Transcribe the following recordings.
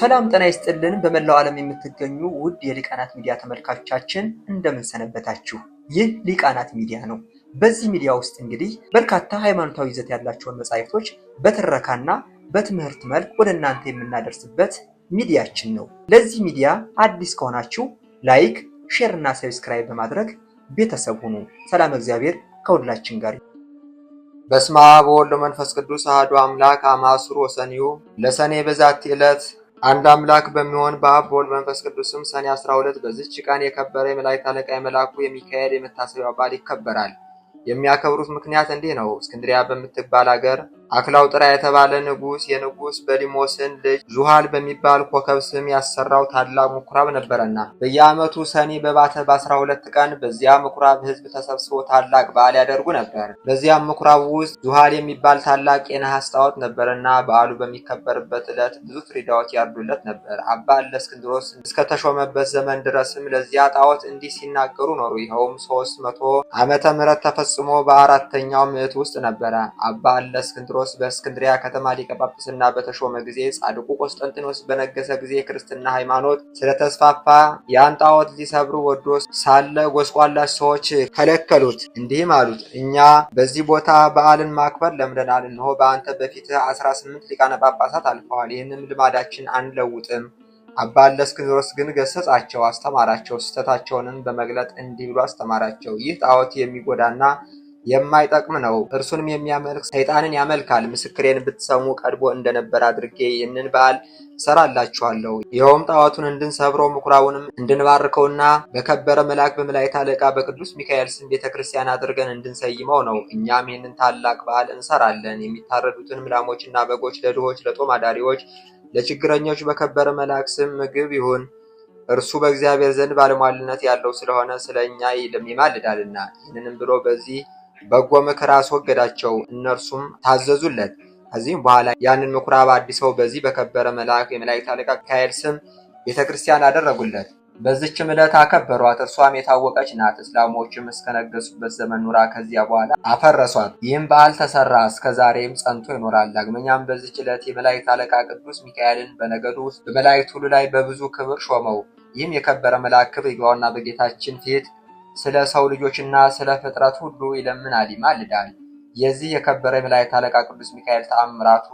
ሰላም ጤና ይስጥልን። በመላው ዓለም የምትገኙ ውድ የሊቃናት ሚዲያ ተመልካቾቻችን እንደምን ሰነበታችሁ ይህ ሊቃናት ሚዲያ ነው። በዚህ ሚዲያ ውስጥ እንግዲህ በርካታ ሃይማኖታዊ ይዘት ያላቸውን መጻሕፍቶች በትረካና በትምህርት መልክ ወደ እናንተ የምናደርስበት ሚዲያችን ነው። ለዚህ ሚዲያ አዲስ ከሆናችሁ ላይክ፣ ሼር እና ሰብስክራይብ በማድረግ ቤተሰብ ሁኑ። ሰላም እግዚአብሔር ከሁላችን ጋር በስመ አብ ወወልድ ወመንፈስ ቅዱስ አሐዱ አምላክ አማስሩ ወሰኒሁ ለሰኔ በዛቲ ዕለት አንድ አምላክ በሚሆን በአብ በወልድ መንፈስ ቅዱስም ሰኔ 12 በዚች ቀን የከበረ የመላእክት አለቃ የመልአኩ የሚካኤል የመታሰቢያው በዓል ይከበራል። የሚያከብሩት ምክንያት እንዲህ ነው። እስክንድሪያ በምትባል አገር አክላውጥራ የተባለ ንጉስ የንጉስ በሊሞስን ልጅ ዙሃል በሚባል ኮከብ ስም ያሰራው ታላቅ ምኩራብ ነበረና በየዓመቱ ሰኔ በባተ በአስራ ሁለት ቀን በዚያ ምኩራብ ህዝብ ተሰብስቦ ታላቅ በዓል ያደርጉ ነበር። በዚያም ምኩራብ ውስጥ ዙሃል የሚባል ታላቅ የነሐስ ጣዖት ነበረና በዓሉ በሚከበርበት ዕለት ብዙ ፍሪዳዎች ያርዱለት ነበር። አባ እለእስክንድሮስ እስከተሾመበት ዘመን ድረስም ለዚያ ጣዖት እንዲህ ሲናገሩ ኖሩ። ይኸውም ሶስት መቶ ዓመተ ምህረት ተፈጽሞ በአራተኛው ምዕት ውስጥ ነበረ። አባ እለእስክንድሮስ ቴዎድሮስ በእስክንድሪያ ከተማ ሊቀ ጳጳስና በተሾመ ጊዜ ጻድቁ ቆስጠንጢኖስ በነገሰ ጊዜ ክርስትና ሃይማኖት ስለተስፋፋ ያን ጣዖት ሊሰብሩ ወዶ ሳለ ጎስቋላሽ ሰዎች ከለከሉት። እንዲህም አሉት፣ እኛ በዚህ ቦታ በዓልን ማክበር ለምደናል። እንሆ በአንተ በፊት 18 ሊቃነ ጳጳሳት አልፈዋል። ይህንም ልማዳችን አንለውጥም። አባ እለእስክንድሮስ ግን ገሰጻቸው፣ አስተማራቸው። ስህተታቸውንም በመግለጥ እንዲህ ብሎ አስተማራቸው። ይህ ጣዖት የሚጎዳና የማይጠቅም ነው። እርሱንም የሚያመልክ ሰይጣንን ያመልካል። ምስክሬን ብትሰሙ ቀድቦ እንደነበር አድርጌ ይህንን በዓል እሰራላችኋለሁ። ይኸውም ጣዖቱን እንድንሰብረው ምኩራቡንም እንድንባርከውና በከበረ መልአክ በመላእክት አለቃ በቅዱስ ሚካኤል ስም ቤተ ክርስቲያን አድርገን እንድንሰይመው ነው። እኛም ይህንን ታላቅ በዓል እንሰራለን። የሚታረዱትንም ላሞችና በጎች ለድሆች፣ ለጦም አዳሪዎች፣ ለችግረኞች በከበረ መልአክ ስም ምግብ ይሁን። እርሱ በእግዚአብሔር ዘንድ ባለሟልነት ያለው ስለሆነ ስለ እኛ ይማልዳልና። ይህንንም ብሎ በዚህ በጎ ምክር አስወገዳቸው፣ እነርሱም ታዘዙለት። ከዚህም በኋላ ያንን ምኩራብ አዲሰው በዚህ በከበረ መልአክ የመላእክት አለቃ ሚካኤል ስም ቤተ ክርስቲያን አደረጉለት። በዚችም ዕለት አከበሯት። እርሷም የታወቀች ናት። እስላሞችም እስከነገሱበት ዘመን ኑራ ከዚያ በኋላ አፈረሷት። ይህም በዓል ተሰራ፣ እስከ ዛሬም ጸንቶ ይኖራል። ዳግመኛም በዚች ዕለት የመላእክት አለቃ ቅዱስ ሚካኤልን በነገዱ ውስጥ በመላእክት ሁሉ ላይ በብዙ ክብር ሾመው። ይህም የከበረ መልአክ ክብር ይግባውና በጌታችን ፊት ስለ ሰው ልጆችና ስለ ፍጥረት ሁሉ ይለምናል፣ ይማልዳል። የዚህ የከበረ መላእክት አለቃ ቅዱስ ሚካኤል ተአምራቱ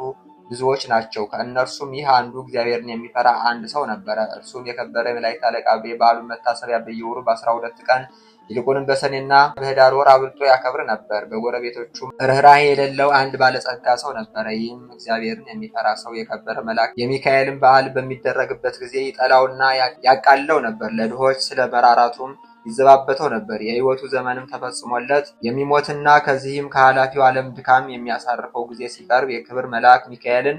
ብዙዎች ናቸው። ከእነርሱም ይህ አንዱ እግዚአብሔርን የሚፈራ አንድ ሰው ነበረ። እርሱም የከበረ መላእክት አለቃ በበዓሉን መታሰቢያ በየወሩ በአስራ ሁለት ቀን ይልቁንም በሰኔና በህዳር ወር አብልጦ ያከብር ነበር። በጎረቤቶቹም ርኅራኄ የሌለው አንድ ባለጸጋ ሰው ነበረ። ይህም እግዚአብሔርን የሚፈራ ሰው የከበረ መልአክ የሚካኤልን በዓል በሚደረግበት ጊዜ ይጠላውና ያቃለው ነበር። ለድሆች ስለ መራራቱም ይዘባበተው ነበር። የሕይወቱ ዘመንም ተፈጽሞለት የሚሞትና ከዚህም ከኃላፊው ዓለም ድካም የሚያሳርፈው ጊዜ ሲቀርብ የክብር መልአክ ሚካኤልን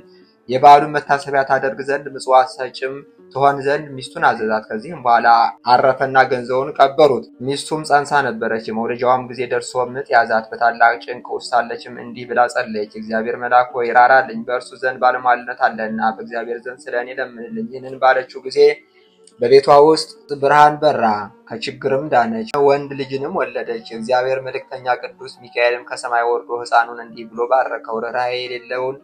የበዓሉን መታሰቢያ ታደርግ ዘንድ ምጽዋት ሰጭም ትሆን ዘንድ ሚስቱን አዘዛት። ከዚህም በኋላ አረፈና ገንዘውን ቀበሩት። ሚስቱም ጸንሳ ነበረች። የመውለጃዋም ጊዜ ደርሶ ምጥ ያዛት። በታላቅ ጭንቅ ውስጥ ሳለችም እንዲህ ብላ ጸለየች። እግዚአብሔር መልአክ ሆይ ራራልኝ፣ በእርሱ ዘንድ ባለሟልነት አለና በእግዚአብሔር ዘንድ ስለ እኔ ለምንልኝ። ይህንን ባለችው ጊዜ በቤቷ ውስጥ ብርሃን በራ፣ ከችግርም ዳነች፣ ወንድ ልጅንም ወለደች። እግዚአብሔር መልእክተኛ ቅዱስ ሚካኤልም ከሰማይ ወርዶ ሕፃኑን እንዲህ ብሎ ባረከው። ርኅራኄ የሌለውን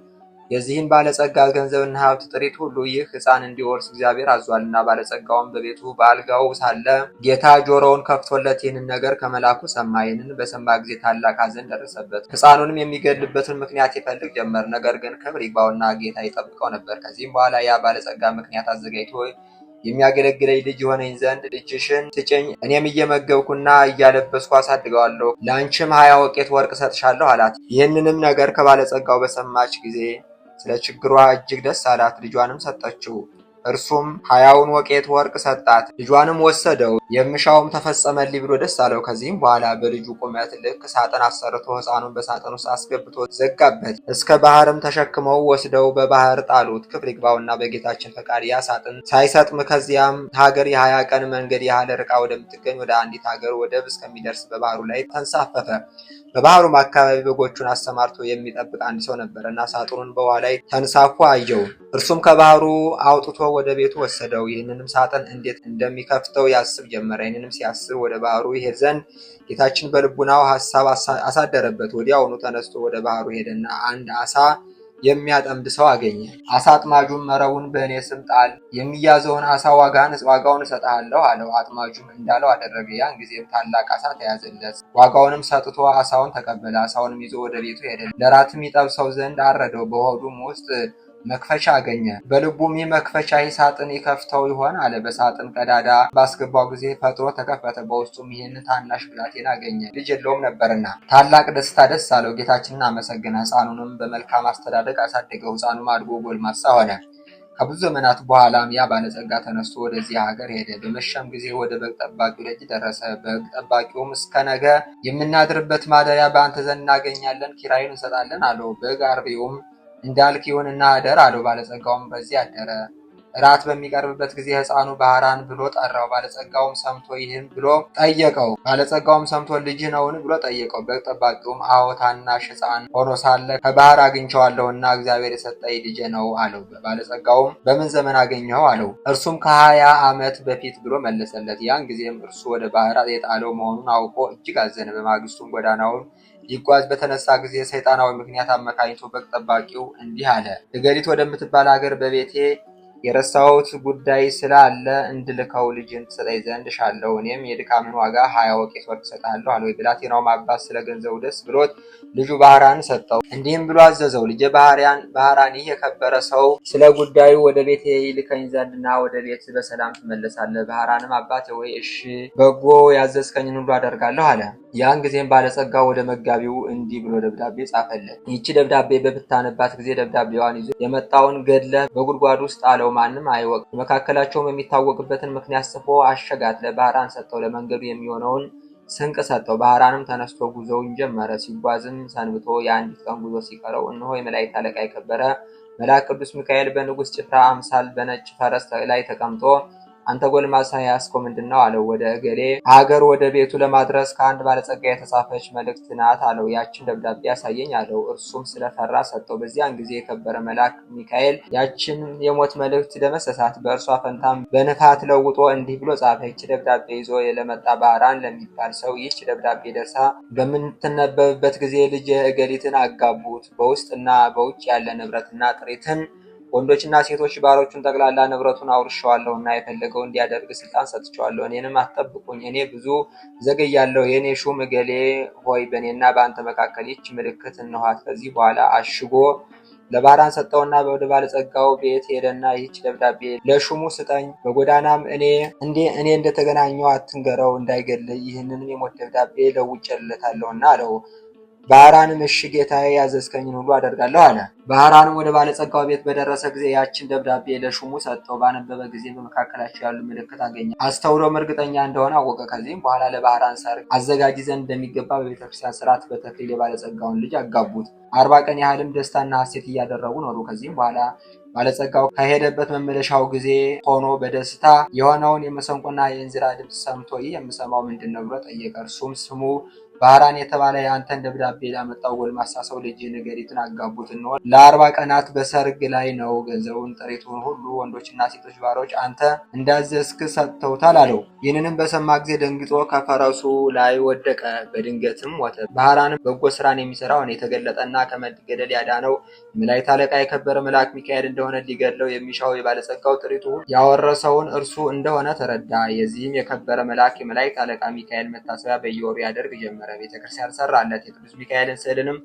የዚህን ባለጸጋ ገንዘብና ሀብት ጥሪት ሁሉ ይህ ሕፃን እንዲወርስ እግዚአብሔር አዟልና። ባለጸጋውም በቤቱ በአልጋው ሳለ ጌታ ጆሮውን ከፍቶለት ይህንን ነገር ከመላኩ ሰማ። ይህንን በሰማ ጊዜ ታላቅ ሐዘን ደረሰበት። ሕፃኑንም የሚገድልበትን ምክንያት ይፈልግ ጀመር። ነገር ግን ክብር ይግባውና ጌታ ይጠብቀው ነበር። ከዚህም በኋላ ያ ባለጸጋ ምክንያት አዘጋጅቶ የሚያገለግለኝ ልጅ የሆነኝ ዘንድ ልጅሽን ስጭኝ፣ እኔም እየመገብኩና እያለበስኩ አሳድገዋለሁ፣ ለአንቺም ሀያ ወቄት ወርቅ ሰጥሻለሁ አላት። ይህንንም ነገር ከባለጸጋው በሰማች ጊዜ ስለ ችግሯ እጅግ ደስ አላት። ልጇንም ሰጠችው። እርሱም ሀያውን ወቄት ወርቅ ሰጣት፣ ልጇንም ወሰደው። የምሻውም ተፈጸመልኝ ብሎ ደስ አለው። ከዚህም በኋላ በልጁ ቁመት ልክ ሳጥን አሰርቶ ሕፃኑን በሳጥን ውስጥ አስገብቶ ዘጋበት። እስከ ባህርም ተሸክመው ወስደው በባህር ጣሉት። ክብር ይግባውና በጌታችን ፈቃድ ያ ሳጥን ሳይሰጥም ከዚያም ሀገር የሀያ ቀን መንገድ ያህል ርቃ ወደምትገኝ ወደ አንዲት ሀገር ወደብ እስከሚደርስ በባህሩ ላይ ተንሳፈፈ። በባህሩም አካባቢ በጎቹን አሰማርቶ የሚጠብቅ አንድ ሰው ነበር እና ሳጥኑን በውሃ ላይ ተንሳፎ አየው። እርሱም ከባህሩ አውጥቶ ወደ ቤቱ ወሰደው። ይህንንም ሳጥን እንዴት እንደሚከፍተው ያስብ ጀመረ። ይህንንም ሲያስብ ወደ ባህሩ ይሄድ ዘንድ ጌታችን በልቡናው ሀሳብ አሳደረበት። ወዲያውኑ ተነስቶ ወደ ባህሩ ሄደና አንድ አሳ የሚያጠምድ ሰው አገኘ። አሳ አጥማጁም መረቡን በእኔ ስም ጣል፣ የሚያዘውን አሳ ዋጋን ዋጋውን እሰጥሃለሁ አለው። አጥማጁም እንዳለው አደረገ። ያን ጊዜም ታላቅ አሳ ተያዘለት። ዋጋውንም ሰጥቶ አሳውን ተቀበለ። አሳውንም ይዞ ወደ ቤቱ ሄደ። ለራትም ይጠብሰው ዘንድ አረደው። በሆዱም ውስጥ መክፈቻ አገኘ። በልቡም ይህ መክፈቻ ይህ ሳጥን ይከፍተው ይሆን አለ። በሳጥን ቀዳዳ ባስገባው ጊዜ ፈጥሮ ተከፈተ። በውስጡም ይህን ታናሽ ብላቴን አገኘ፣ ልጅ የለውም ነበርና። ታላቅ ደስታ ደስ አለው፣ ጌታችንን አመሰገነ። ሕፃኑንም በመልካም አስተዳደግ አሳደገው። ሕፃኑም አድጎ ጎልማሳ ሆነ። ከብዙ ዘመናት በኋላም ያ ባለጸጋ ተነስቶ ወደዚህ ሀገር ሄደ። በመሸም ጊዜ ወደ በግ ጠባቂው ደጅ ደረሰ። በግ ጠባቂውም እስከ ነገ የምናድርበት ማደሪያ በአንተ ዘንድ እናገኛለን፣ ኪራይን እንሰጣለን አለው። በግ አርቢውም እንዳልክ ይሁንና አደር አለው። ባለጸጋውም በዚህ አደረ። እራት በሚቀርብበት ጊዜ ሕፃኑ ባህራን ብሎ ጠራው። ባለጸጋውም ሰምቶ ይህን ብሎ ጠየቀው። ባለጸጋውም ሰምቶ ልጅ ነውን ብሎ ጠየቀው። በግ ጠባቂውም አዎ ታናሽ ሕፃን ሆኖ ሳለ ከባህር አግኝቸዋለሁና እግዚአብሔር የሰጠኝ ልጅ ነው አለው። ባለጸጋውም በምን ዘመን አገኘኸው አለው። እርሱም ከሀያ ዓመት በፊት ብሎ መለሰለት። ያን ጊዜም እርሱ ወደ ባህር የጣለው መሆኑን አውቆ እጅግ አዘነ። በማግስቱም ጎዳናውን ሊጓዝ በተነሳ ጊዜ ሰይጣናዊ ምክንያት አመካኝቶ በግ ጠባቂው እንዲህ አለ፣ እገሊት ወደምትባል ሀገር በቤቴ የረሳሁት ጉዳይ ስላለ እንድልከው ልጅን ትሰጠኝ ዘንድ ሻለው። እኔም የድካምን ዋጋ ሀያ ወቄት ወርቅ እሰጥሃለሁ አለ። የብላቴናውም አባት ስለ ገንዘቡ ደስ ብሎት ልጁ ባህራን ሰጠው። እንዲህም ብሎ አዘዘው፣ ልጄ ባህራን ባህራን ይህ የከበረ ሰው ስለ ጉዳዩ ወደ ቤት ይልከኝ ዘንድና ወደ ቤት በሰላም ትመለሳለህ። ባህራንም አባቴ ወይ እሺ በጎ ያዘዝከኝን ሁሉ አደርጋለሁ አለ። ያን ጊዜም ባለጸጋው ወደ መጋቢው እንዲህ ብሎ ደብዳቤ ጻፈለት። ይቺ ደብዳቤ በምታነባት ጊዜ ደብዳቤዋን ይዞ የመጣውን ገድለ በጉድጓድ ውስጥ አለው፣ ማንም አይወቅ። በመካከላቸውም የሚታወቅበትን ምክንያት ጽፎ አሸጋት። ለባህራን ሰጠው፣ ለመንገዱ የሚሆነውን ስንቅ ሰጠው። ባህራንም ተነስቶ ጉዞውን ጀመረ። ሲጓዝም ሰንብቶ የአንዲት ቀን ጉዞ ሲቀረው እነሆ የመላእክት አለቃ የከበረ መልአክ ቅዱስ ሚካኤል በንጉሥ ጭፍራ አምሳል በነጭ ፈረስ ላይ ተቀምጦ አንተ ጎልማሳ ያስኮ ምንድን ነው አለው። ወደ እገሌ ሀገር ወደ ቤቱ ለማድረስ ከአንድ ባለጸጋ የተጻፈች መልእክት ናት አለው። ያችን ደብዳቤ ያሳየኝ አለው። እርሱም ስለፈራ ሰጠው። በዚያን ጊዜ የከበረ መልአክ ሚካኤል ያችን የሞት መልእክት ደመሰሳት። በእርሷ ፈንታም በንፋት ለውጦ እንዲህ ብሎ ጻፈ። ይቺ ደብዳቤ ይዞ ለመጣ ባህራን ለሚባል ሰው ይች ደብዳቤ ደርሳ በምትነበብበት ጊዜ ልጅ እገሊትን አጋቡት በውስጥና በውጭ ያለ ንብረትና ጥሪትን ወንዶችና ሴቶች ባሮቹን ጠቅላላ ንብረቱን አውርሸዋለሁ እና የፈለገው እንዲያደርግ ስልጣን ሰጥቸዋለሁ። እኔንም አትጠብቁኝ፣ እኔ ብዙ ዘገያለሁ። የእኔ ሹም እገሌ ሆይ በእኔና በአንተ መካከል ይች ምልክት እንኋት። ከዚህ በኋላ አሽጎ ለባራን ሰጠውና በወደ ባለጸጋው ቤት ሄደና ይህች ደብዳቤ ለሹሙ ስጠኝ፣ በጎዳናም እኔ እንዴ እኔ እንደተገናኘው አትንገረው እንዳይገድልህ፣ ይህንንም የሞት ደብዳቤ ለውጬለታለሁና አለው። ባህራን ምሽግ ጌታዬ ያዘዝከኝን ሁሉ አደርጋለሁ አለ። ባህራንም ወደ ባለጸጋው ቤት በደረሰ ጊዜ ያችን ደብዳቤ ለሹሙ ሰጠው። ባነበበ ጊዜ በመካከላቸው ያሉ ምልክት አገኘ። አስተውሎም እርግጠኛ እንደሆነ አወቀ። ከዚህም በኋላ ለባህራን ሰርግ አዘጋጅ ዘንድ እንደሚገባ በቤተክርስቲያን ስርዓት በተክሊል የባለጸጋውን ልጅ አጋቡት። አርባ ቀን ያህልም ደስታና ሀሴት እያደረጉ ኖሩ። ከዚህም በኋላ ባለጸጋው ከሄደበት መመለሻው ጊዜ ሆኖ በደስታ የሆነውን የመሰንቆና የእንዝራ ድምፅ ሰምቶ ይህ የምሰማው ምንድን ነው ብሎ ጠየቀ። እርሱም ስሙ ባህራን የተባለ የአንተን ደብዳቤ ላመጣው ጎልማሳ ሰው ልጅ ነገሪትን አጋቡት እንሆን ለአርባ ቀናት በሰርግ ላይ ነው። ገንዘቡን ጥሪቱን ሁሉ ወንዶችና ሴቶች ባሮች አንተ እንዳዘዝክ ሰጥተውታል አለው። ይህንንም በሰማ ጊዜ ደንግጦ ከፈረሱ ላይ ወደቀ፣ በድንገትም ሞተ። ባህራንም በጎ ስራን የሚሰራውን የተገለጠና ከመገደል ያዳነው መላእክት አለቃ የከበረ መልአክ ሚካኤል እንደሆነ ሊገድለው የሚሻው የባለጸጋው ጥሪቱ ያወረሰውን እርሱ እንደሆነ ተረዳ። የዚህም የከበረ መልአክ የመላእክት አለቃ ሚካኤል መታሰቢያ በየወሩ ያደርግ ጀመር። የመጀመሪያ ቤተክርስቲያን ሰራለት። የቅዱስ ሚካኤልን ስዕልንም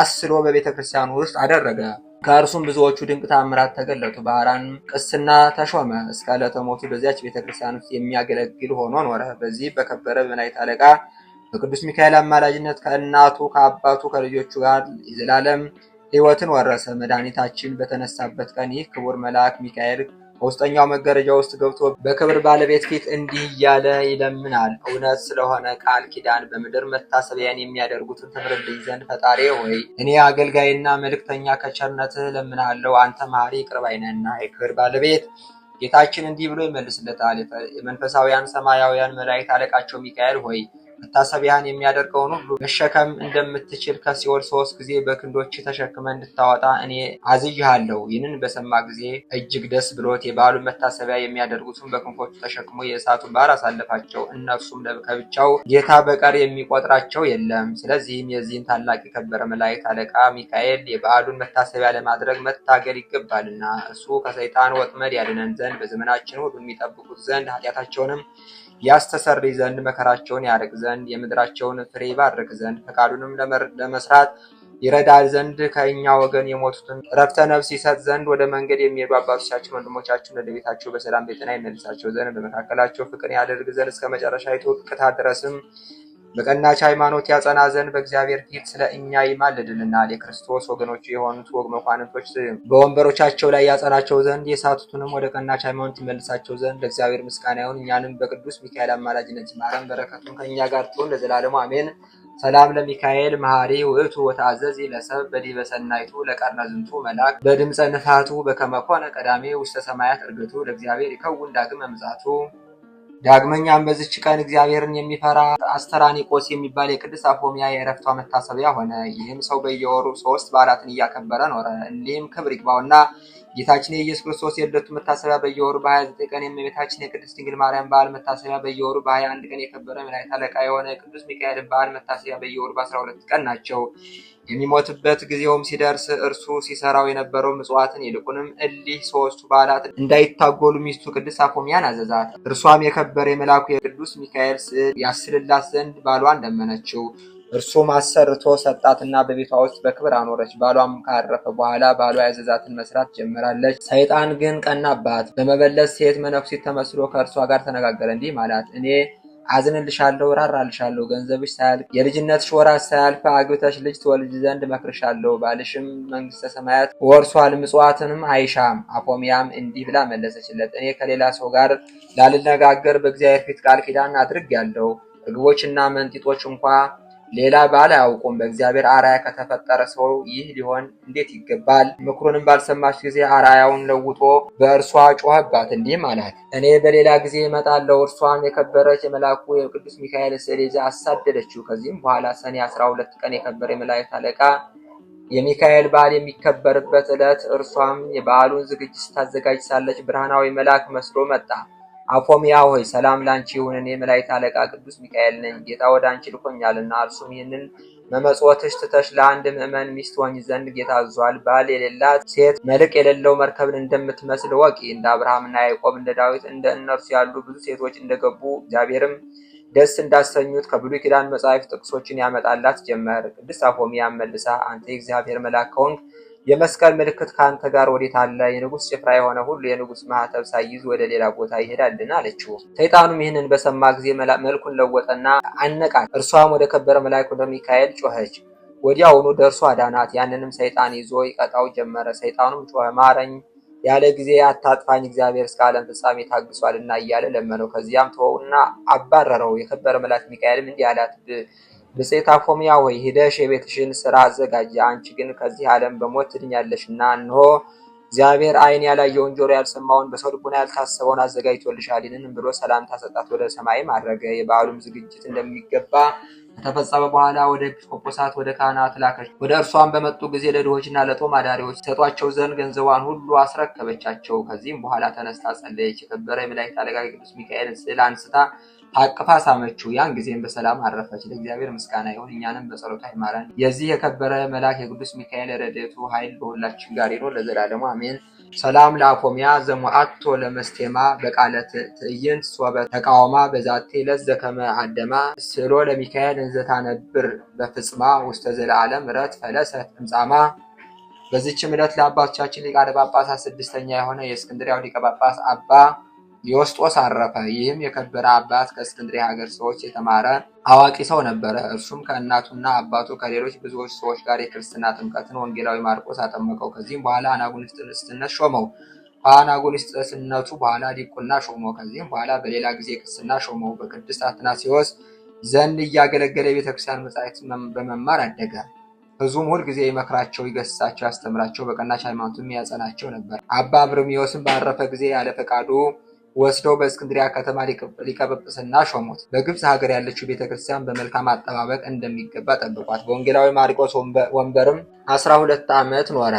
አስሎ በቤተክርስቲያኑ ውስጥ አደረገ። ከእርሱም ብዙዎቹ ድንቅ ታምራት ተገለጡ። ባህራን ቅስና ተሾመ። እስከ ዕለተ ሞቱ በዚያች ቤተክርስቲያን ውስጥ የሚያገለግል ሆኖ ኖረ። በዚህ በከበረ በናይት አለቃ በቅዱስ ሚካኤል አማላጅነት ከእናቱ ከአባቱ ከልጆቹ ጋር የዘላለም ሕይወትን ወረሰ። መድኃኒታችን በተነሳበት ቀን ይህ ክቡር መልአክ ሚካኤል በውስጠኛው መጋረጃ ውስጥ ገብቶ በክብር ባለቤት ፊት እንዲህ እያለ ይለምናል። እውነት ስለሆነ ቃል ኪዳን በምድር መታሰቢያን የሚያደርጉትን ትምርልኝ ዘንድ ፈጣሪ ሆይ እኔ አገልጋይና መልእክተኛ ከቸርነትህ ለምናለው አንተ መሐሪ ቅርብ አይነና የክብር ባለቤት ጌታችን እንዲህ ብሎ ይመልስለታል። የመንፈሳውያን ሰማያውያን መላእክት አለቃቸው ሚካኤል ሆይ መታሰቢያን የሚያደርገውን ሁሉ መሸከም እንደምትችል ከሲኦል ሶስት ጊዜ በክንዶች ተሸክመ እንድታወጣ እኔ አዝይሃለሁ። ይህንን በሰማ ጊዜ እጅግ ደስ ብሎት የበዓሉን መታሰቢያ የሚያደርጉትን በክንፎቹ ተሸክሞ የእሳቱን ባህር አሳለፋቸው። እነርሱም ከብቻው ጌታ በቀር የሚቆጥራቸው የለም። ስለዚህም የዚህን ታላቅ የከበረ መላእክት አለቃ ሚካኤል የበዓሉን መታሰቢያ ለማድረግ መታገል ይገባልና እሱ ከሰይጣን ወጥመድ ያድነን ዘንድ በዘመናችን ሁሉ የሚጠብቁት ዘንድ ኃጢአታቸውንም ያስተሰርይ ዘንድ መከራቸውን ያርቅ ዘንድ የምድራቸውን ፍሬ ይባርክ ዘንድ ፈቃዱንም ለመስራት ይረዳል ዘንድ ከእኛ ወገን የሞቱትን ረፍተ ነፍስ ይሰጥ ዘንድ ወደ መንገድ የሚሄዱ አባቶቻችን ወንድሞቻችን ወደ ቤታቸው በሰላም ቤትና ይመልሳቸው ዘንድ በመካከላቸው ፍቅር ያደርግ ዘንድ እስከ መጨረሻ ድረስም በቀናች ሃይማኖት ያጸና ዘንድ በእግዚአብሔር ፊት ስለ እኛ ይማልድልናል። የክርስቶስ ወገኖቹ የሆኑት ወግ መኳንንቶች በወንበሮቻቸው ላይ ያጸናቸው ዘንድ የሳቱትንም ወደ ቀናች ሃይማኖት ይመልሳቸው ዘንድ ለእግዚአብሔር ምስጋና ይሁን። እኛንም በቅዱስ ሚካኤል አማላጅነት ይማረን፣ በረከቱም ከእኛ ጋር ትሁን ለዘላለሙ አሜን። ሰላም ለሚካኤል መሐሪ ውእቱ ወታዘዝ ለሰብ በዲበ ሰናይቱ ለቀርነ ዝንቱ መልአክ በድምፀ ንፋቱ በከመኮነ ቀዳሜ ውስተ ሰማያት እርግቱ ለእግዚአብሔር ይከውን ዳግም መምጻቱ ዳግመኛም በዚች ቀን እግዚአብሔርን የሚፈራ አስተራኒቆስ የሚባል የቅዱስ አፎሚያ የእረፍቷ መታሰቢያ ሆነ። ይህም ሰው በየወሩ ሶስት በዓላትን እያከበረ ኖረ። እንዲህም ክብር ይግባውና ጌታችን የኢየሱስ ክርስቶስ የልደቱ መታሰቢያ በየወሩ በ29 ቀን የእመቤታችን የቅድስት ድንግል ማርያም በዓል መታሰቢያ በየወሩ በ21 ቀን የከበረ መላእክት አለቃ የሆነ ቅዱስ ሚካኤል በዓል መታሰቢያ በየወሩ በ12 ቀን ናቸው። የሚሞትበት ጊዜውም ሲደርስ እርሱ ሲሰራው የነበረው ምጽዋትን ይልቁንም እሊህ ሶስቱ በዓላት እንዳይታጎሉ ሚስቱ ቅድስት አፎሚያን አዘዛት። እርሷም የከበረ የመልአኩ የቅዱስ ሚካኤል ስዕል ያስልላት ዘንድ ባሏን ለመነችው። እርሱም አሰርቶ ሰጣትና በቤቷ ውስጥ በክብር አኖረች። ባሏም ካረፈ በኋላ ባሏ ያዘዛትን መስራት ጀምራለች። ሰይጣን ግን ቀናባት። በመበለት ሴት መነኩሲት ተመስሎ ከእርሷ ጋር ተነጋገረ። እንዲህ ማለት እኔ አዝንልሻለሁ፣ ራራልሻለሁ። ገንዘብሽ ሳያልቅ የልጅነትሽ ወራት ሳያልፍ አግብተሽ ልጅ ትወልጅ ዘንድ መክርሻለሁ። ባልሽም መንግስተ ሰማያት ወርሷል፣ ምጽዋትንም አይሻም። አፖሚያም እንዲህ ብላ መለሰችለት፣ እኔ ከሌላ ሰው ጋር ላልነጋገር በእግዚአብሔር ፊት ቃል ኪዳን አድርጌያለሁ። ርግቦችና መንጢጦች እንኳ ሌላ ባል አያውቁም። በእግዚአብሔር አራያ ከተፈጠረ ሰው ይህ ሊሆን እንዴት ይገባል? ምክሩንም ባልሰማች ጊዜ አራያውን ለውጦ በእርሷ ጮኸባት፣ እንዲህም አላት፦ እኔ በሌላ ጊዜ እመጣለሁ። እርሷም የከበረች የመልአኩ የቅዱስ ሚካኤል ስዕል ይዛ አሳደደችው። ከዚህም በኋላ ሰኔ አስራ ሁለት ቀን የከበረ የመላእክት አለቃ የሚካኤል በዓል የሚከበርበት ዕለት፣ እርሷም የበዓሉን ዝግጅት ስታዘጋጅ ሳለች ብርሃናዊ መልአክ መስሎ መጣ። አፎሚያ ሆይ ሰላም ላንቺ ይሁን። እኔ መላእክት አለቃ ቅዱስ ሚካኤል ነኝ። ጌታ ወደ አንቺ ልኮኛልና እርሱም ይህንን መመጽወትሽ ትተሽ ለአንድ ምዕመን ሚስት ሆኝ ዘንድ ጌታ አዟል። ባል የሌላት ሴት መልቅ የሌለው መርከብን እንደምትመስል ወቂ። እንደ አብርሃምና ያዕቆብ እንደ ዳዊት እንደ እነርሱ ያሉ ብዙ ሴቶች እንደገቡ እግዚአብሔርም ደስ እንዳሰኙት ከብሉይ ኪዳን መጽሐፍ ጥቅሶችን ያመጣላት ጀመር። ቅድስት አፎሚያ መልሳ አንተ የእግዚአብሔር መልአክ ከሆንክ የመስቀል ምልክት ከአንተ ጋር ወዴት አለ? የንጉሥ ጭፍራ የሆነ ሁሉ የንጉሥ ማህተብ ሳይይዝ ወደ ሌላ ቦታ ይሄዳልን? አለችው። ሰይጣኑም ይህንን በሰማ ጊዜ መልኩን ለወጠና አነቃት። እርሷም ወደ ከበረ መልአኩ ወደ ሚካኤል ጮኸች። ወዲያውኑ ደርሶ አዳናት። ያንንም ሰይጣን ይዞ ይቀጣው ጀመረ። ሰይጣኑም ጮኸ፣ ማረኝ ያለ ጊዜ አታጥፋኝ፣ እግዚአብሔር እስከ ዓለም ፍጻሜ ታግሷልና እያለ ለመነው። ከዚያም ተወውና አባረረው። የከበረ መልአክ ሚካኤልም እንዲህ አላት ብጽዕት አፎምያ ሆይ ሂደሽ የቤትሽን ስራ አዘጋጅ፣ አንቺ ግን ከዚህ ዓለም በሞት ትድኛለሽ እና እንሆ እግዚአብሔር ዓይን ያላየውን ጆሮ ያልሰማውን በሰው ልቡና ያልታሰበውን አዘጋጅቶልሻል። ይህንንም ብሎ ሰላምታ ሰጣት፣ ወደ ሰማይም አድረገ። የበዓሉም ዝግጅት እንደሚገባ ከተፈጸመ በኋላ ወደ ኤጲስቆጶሳት ወደ ካህናት ላከች። ወደ እርሷም በመጡ ጊዜ ለድሆችና ለጦም አዳሪዎች ሰጧቸው ዘንድ ገንዘቧን ሁሉ አስረከበቻቸው። ከዚህም በኋላ ተነስታ ጸለየች። የከበረ የመላእክት አለቃ ቅዱስ ሚካኤልን ስዕል አንስታ አቅፋ ሳመችው። ያን ጊዜም በሰላም አረፈች። ለእግዚአብሔር ምስጋና ይሁን፣ እኛንም በጸሎቷ ይማረን። የዚህ የከበረ መልአክ የቅዱስ ሚካኤል ረድኤቱ ኃይል በሁላችን ጋር ይኖር ለዘላለሙ አሜን። ሰላም ለአፎሚያ ዘሞአቶ ለመስቴማ በቃለ ትዕይንት ሶበ ተቃወማ በዛቴ ለዘከመ አደማ ስዕሎ ለሚካኤል እንዘታነብር በፍጽማ ውስተ ዘለዓለም ረት ፈለሰት ፍምጻማ። በዚችም ዕለት ለአባቶቻችን ሊቃነ ጳጳሳት ስድስተኛ የሆነ የእስክንድሪያው ሊቀ ጳጳስ አባ ዮስጦስ አረፈ። ይህም የከበረ አባት ከእስክንድሪ ሀገር ሰዎች የተማረ አዋቂ ሰው ነበረ። እርሱም ከእናቱና አባቱ ከሌሎች ብዙዎች ሰዎች ጋር የክርስትና ጥምቀትን ወንጌላዊ ማርቆስ አጠመቀው። ከዚህም በኋላ አናጉንስጥስነት ሾመው። ከአናጉንስጥስነቱ በኋላ ዲቁና ሾመው። ከዚህም በኋላ በሌላ ጊዜ ቅስና ሾመው። በቅድስት አትናሲዎስ ዘንድ እያገለገለ የቤተክርስቲያን መጻሕፍት በመማር አደገ። ሁል ጊዜ ይመክራቸው፣ ይገስጻቸው፣ ያስተምራቸው፣ በቀናች ሃይማኖትም ያጸናቸው ነበር። አባ ብርሚዎስም ባረፈ ጊዜ ያለ ፈቃዱ ወስደው በእስክንድሪያ ከተማ ሊቀ ሾሙት። በግብፅ ሀገር ያለችው ቤተክርስቲያን በመልካም አጠባበቅ እንደሚገባ ጠብቋት። በወንጌላዊ ማርቆስ ወንበርም አስራ ሁለት ዓመት ኖረ።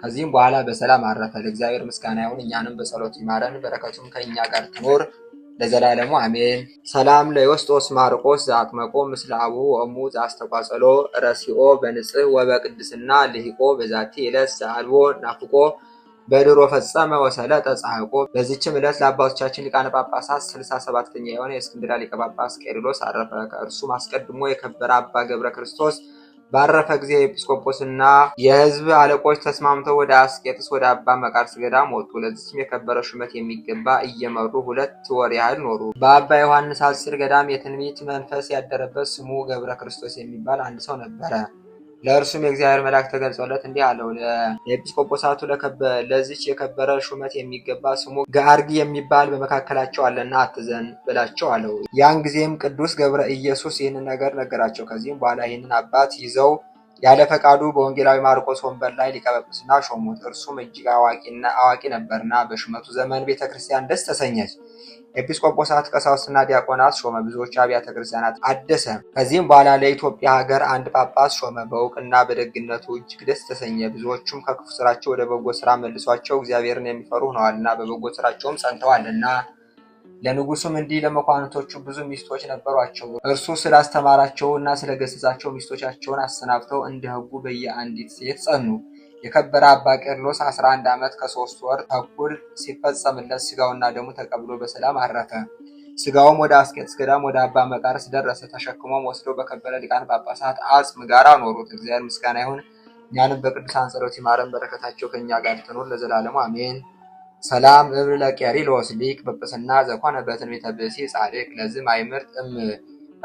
ከዚህም በኋላ በሰላም አረፈ። ለእግዚአብሔር ምስጋና ይሁን፣ እኛንም በጸሎት ይማረን፣ በረከቱም ከእኛ ጋር ትኖር ለዘላለሙ አሜን። ሰላም ለዮስጦስ ማርቆስ ዘአጥመቆ ምስለ አቡ ወእሙ ዘአስተቋጸሎ ረሲኦ በንጽህ ወበቅድስና ልሂቆ በዛቲ ዕለት ዘአልቦ ናፍቆ በድሮ ፈጸመ ወሰለጠ ጸሐቆ። በዚችም ዕለት ለአባቶቻችን ሊቃነ ጳጳሳት ስልሳ ሰባተኛ የሆነ የእስክንድርያ ሊቀ ጳጳስ ቄሪሎስ አረፈ። ከእርሱም አስቀድሞ የከበረ አባ ገብረ ክርስቶስ ባረፈ ጊዜ ኤጲስቆጶስና የሕዝብ አለቆች ተስማምተው ወደ አስቄጥስ ወደ አባ መቃርስ ገዳም ወጡ። ለዚችም የከበረ ሹመት የሚገባ እየመሩ ሁለት ወር ያህል ኖሩ። በአባ ዮሐንስ አጽር ገዳም የትንቢት መንፈስ ያደረበት ስሙ ገብረ ክርስቶስ የሚባል አንድ ሰው ነበረ። ለእርሱም የእግዚአብሔር መልአክ ተገልጾለት እንዲህ አለው፣ ለኤጲስቆጶሳቱ ለዚች የከበረ ሹመት የሚገባ ስሙ ገአርጊ የሚባል በመካከላቸው አለና አትዘን ብላቸው አለው። ያን ጊዜም ቅዱስ ገብረ ኢየሱስ ይህንን ነገር ነገራቸው። ከዚህም በኋላ ይህንን አባት ይዘው ያለ ፈቃዱ በወንጌላዊ ማርቆስ ወንበር ላይ ሊቀ ጵጵስና ሾሙት። እርሱም እጅግ አዋቂ ነበርና በሹመቱ ዘመን ቤተክርስቲያን ደስ ተሰኘች። ኤጲስቆጶሳት፣ ቀሳውስትና ዲያቆናት ሾመ። ብዙዎች አብያተ ክርስቲያናት አደሰ። ከዚህም በኋላ ለኢትዮጵያ ሀገር አንድ ጳጳስ ሾመ። በእውቅና በደግነቱ እጅግ ደስ ተሰኘ። ብዙዎቹም ከክፉ ስራቸው ወደ በጎ ስራ መልሷቸው እግዚአብሔርን የሚፈሩ ሆነዋልና በበጎ ስራቸውም ጸንተዋልና። ለንጉሱም እንዲህ ለመኳንቶቹ ብዙ ሚስቶች ነበሯቸው። እርሱ ስላስተማራቸውና ስለገሰጻቸው ሚስቶቻቸውን አሰናብተው እንደ ሕጉ በየአንዲት ሴት ጸኑ። የከበረ አባ ቄርሎስ 11 ዓመት ከሶስት ወር ተኩል ሲፈጸምለት ስጋውና ደሙ ተቀብሎ በሰላም አረፈ። ስጋውም ወደ አስቄጥስ ገዳም ወደ አባ መቃርስ ደረሰ። ተሸክሞም ወስዶ በከበረ ሊቃነ ጳጳሳት አጽም ጋር አኖሩት። እግዚአብሔር ምስጋና ይሁን፣ እኛንም በቅዱሳን ጸሎት ይማረን፣ በረከታቸው ከእኛ ጋር ትኑር ለዘላለሙ አሜን። ሰላም እብር ለቄርሎስ ሊቅ ጵጵስና ዘኮነ በትንቢተ ብእሲ ጻድቅ ለዝም አይምርት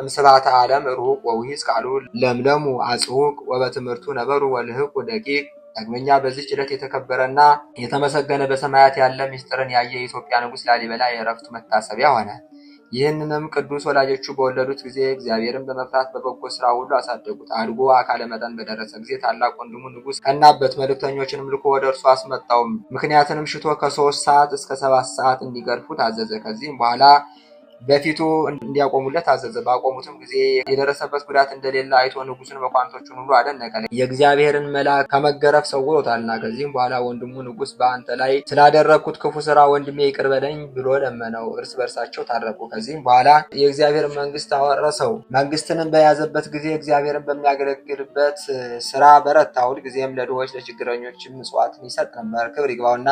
እምስባተ ዓለም ሩቅ ወውሂዝ ቃሉ ለምለሙ አጽውቅ ወበትምህርቱ ነበሩ ወልህቁ ደቂቅ ዳግመኛ በዚህ ችለት የተከበረና የተመሰገነ በሰማያት ያለ ምስጢርን ያየ የኢትዮጵያ ንጉሥ ላሊበላ የእረፍቱ መታሰቢያ ሆነ። ይህንንም ቅዱስ ወላጆቹ በወለዱት ጊዜ እግዚአብሔርን በመፍራት በበጎ ስራ ሁሉ አሳደጉት። አድጎ አካለ መጠን በደረሰ ጊዜ ታላቅ ወንድሙ ንጉሥ ቀናበት። መልእክተኞችንም ልኮ ወደ እርሱ አስመጣውም። ምክንያትንም ሽቶ ከሶስት ሰዓት እስከ ሰባት ሰዓት እንዲገርፉ ታዘዘ። ከዚህም በኋላ በፊቱ እንዲያቆሙለት አዘዘ። ባቆሙትም ጊዜ የደረሰበት ጉዳት እንደሌለ አይቶ ንጉሱን መኳንቶቹን ሁሉ አደነቀ። የእግዚአብሔርን መልአክ ከመገረፍ ሰውሮታልና። ከዚህም በኋላ ወንድሙ ንጉስ በአንተ ላይ ስላደረግኩት ክፉ ስራ ወንድሜ ይቅር በለኝ ብሎ ለመነው። እርስ በርሳቸው ታረቁ። ከዚህም በኋላ የእግዚአብሔር መንግስት አወረሰው። መንግስትንም በያዘበት ጊዜ እግዚአብሔርን በሚያገለግልበት ስራ በረታ። ሁልጊዜም ለድሆች ለችግረኞችም ምጽዋትን ይሰጥ ነበር። ክብር ይግባውና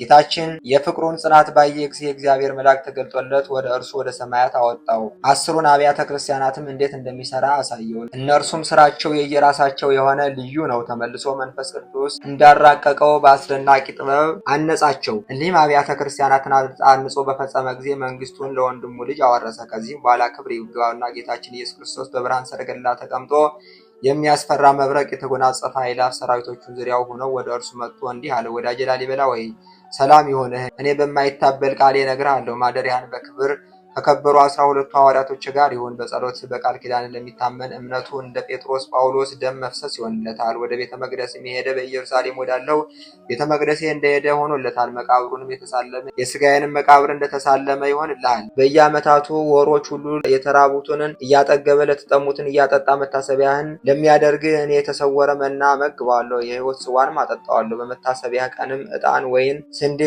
ጌታችን የፍቅሩን ጽናት ባየ ጊዜ እግዚአብሔር መልአክ ተገልጦለት ወደ እርሱ ወደ ሰማያት አወጣው። አስሩን አብያተ ክርስቲያናትም እንዴት እንደሚሰራ አሳየው እነርሱም ስራቸው የየራሳቸው የሆነ ልዩ ነው። ተመልሶ መንፈስ ቅዱስ እንዳራቀቀው በአስደናቂ ጥበብ አነጻቸው። እንዲህም አብያተ ክርስቲያናትን አንጾ በፈጸመ ጊዜ መንግስቱን ለወንድሙ ልጅ አወረሰ። ከዚህም በኋላ ክብር ይግባውና ጌታችን ኢየሱስ ክርስቶስ በብርሃን ሰረገላ ተቀምጦ የሚያስፈራ መብረቅ የተጎናጸፈ ኃይላት ሰራዊቶቹን ዙሪያው ሆነው ወደ እርሱ መጥቶ እንዲህ አለ፣ ወዳጄ ላሊበላ ወይ ሰላም ይሆንህ። እኔ በማይታበል ቃሌ እነግርሃለሁ ማደሪያህን በክብር ከከበሩ አስራ ሁለቱ ሐዋርያቶች ጋር ይሁን። በጸሎት በቃል ኪዳን ለሚታመን እምነቱ እንደ ጴጥሮስ ጳውሎስ ደም መፍሰስ ይሆንለታል። ወደ ቤተ መቅደስ የሄደ በኢየሩሳሌም ወዳለው ቤተ መቅደሴ እንደሄደ ሆኖለታል። መቃብሩንም የተሳለመ የስጋዬንም መቃብር እንደተሳለመ ይሆንልሃል። በየዓመታቱ ወሮች ሁሉ የተራቡትንን እያጠገበ ለተጠሙትን እያጠጣ መታሰቢያህን ለሚያደርግ እኔ የተሰወረ መና መግባለሁ፣ የህይወት ጽዋንም አጠጣዋለሁ። በመታሰቢያ ቀንም እጣን ወይን ስንዴ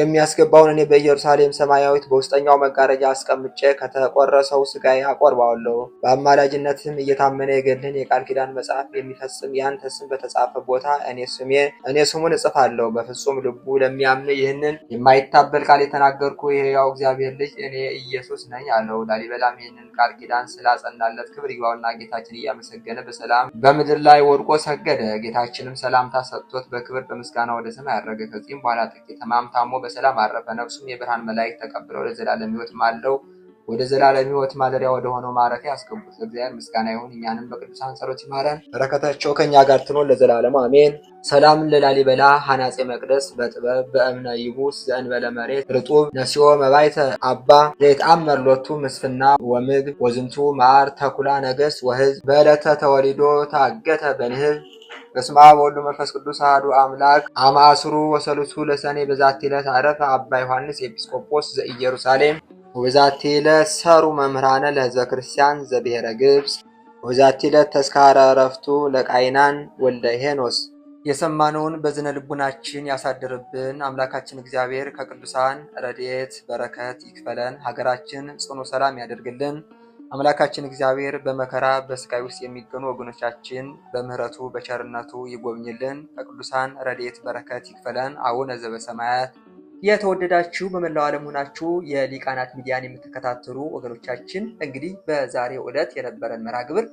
የሚያስገባውን እኔ በኢየሩሳሌም ሰማያዊት በውስጠኛው መጋረጃ አስቀምጬ ከተቆረሰው ስጋዬ አቆርባዋለሁ። በአማላጅነትም እየታመነ የገልን የቃል ኪዳን መጽሐፍ የሚፈጽም ያንተ ስም በተጻፈ ቦታ እኔ ስሜ እኔ ስሙን እጽፋለሁ። በፍጹም ልቡ ለሚያምን ይህንን የማይታበል ቃል የተናገርኩ የሕያው እግዚአብሔር ልጅ እኔ ኢየሱስ ነኝ አለው። ላሊበላም ይህንን ቃል ኪዳን ስላጸናለት ክብር ይግባውና ጌታችን እያመሰገነ በሰላም በምድር ላይ ወድቆ ሰገደ። ጌታችንም ሰላምታ ሰጥቶት በክብር በምስጋና ወደ ሰማይ ያረገ። ከዚህም በኋላ ጥቂት ሕማም ታሞ በሰላም አረፈ። ነፍሱም የብርሃን መላእክት ተቀብለው ለዘላለም ሕይወት አለው። ወደ ዘላለም ሕይወት ማደሪያ ሆነው ማረፊያ ያስገቡት። ለእግዚአብሔር ምስጋና ይሁን፣ እኛንም በቅዱሳን ጸሎት ይማረን፣ በረከታቸው ከእኛ ጋር ትኖር ለዘላለሙ አሜን። ሰላም ለላሊበላ ሐናጼ መቅደስ በጥበብ በእምነ ይቡስ ዘእንበለ መሬት ርጡብ ነሲኦ መባይተ አባ ዘይትአመር ሎቱ ምስፍና ወምግብ ወዝንቱ ማር ተኩላ ነገስ ወሕዝብ በዕለተ ተወሊዶ ታገተ በንህብ በስመ አብ ወወልድ ወመንፈስ ቅዱስ አሐዱ አምላክ አማ አስሩ ወሠላቱ ለሰኔ በዛቲ ዕለት አረፈ አባ ዮሐንስ ኤጲስቆጶስ ዘኢየሩሳሌም ወበዛቲ ዕለት ሰሩ መምህራነ ለህዝበ ክርስቲያን ዘብሔረ ግብፅ ወበዛቲ ዕለት ተስካረ ዕረፍቱ ለቃይናን ወልደ ሄኖስ። የሰማነውን በዝነ ልቡናችን ያሳድርብን። አምላካችን እግዚአብሔር ከቅዱሳን ረድኤት በረከት ይክፈለን። ሀገራችን ጽኑ ሰላም ያደርግልን። አምላካችን እግዚአብሔር በመከራ በስቃይ ውስጥ የሚገኙ ወገኖቻችን በምህረቱ በቸርነቱ ይጎብኝልን። ከቅዱሳን ረድኤት በረከት ይክፈለን። አቡነ ዘበሰማያት የተወደዳችሁ በመላው ዓለም ሆናችሁ የሊቃናት ሚዲያን የምትከታተሉ ወገኖቻችን እንግዲህ በዛሬው ዕለት የነበረን መርሃ ግብር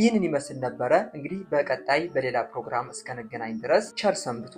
ይህንን ይመስል ነበረ። እንግዲህ በቀጣይ በሌላ ፕሮግራም እስከነገናኝ ድረስ ቸር ሰንብቱ።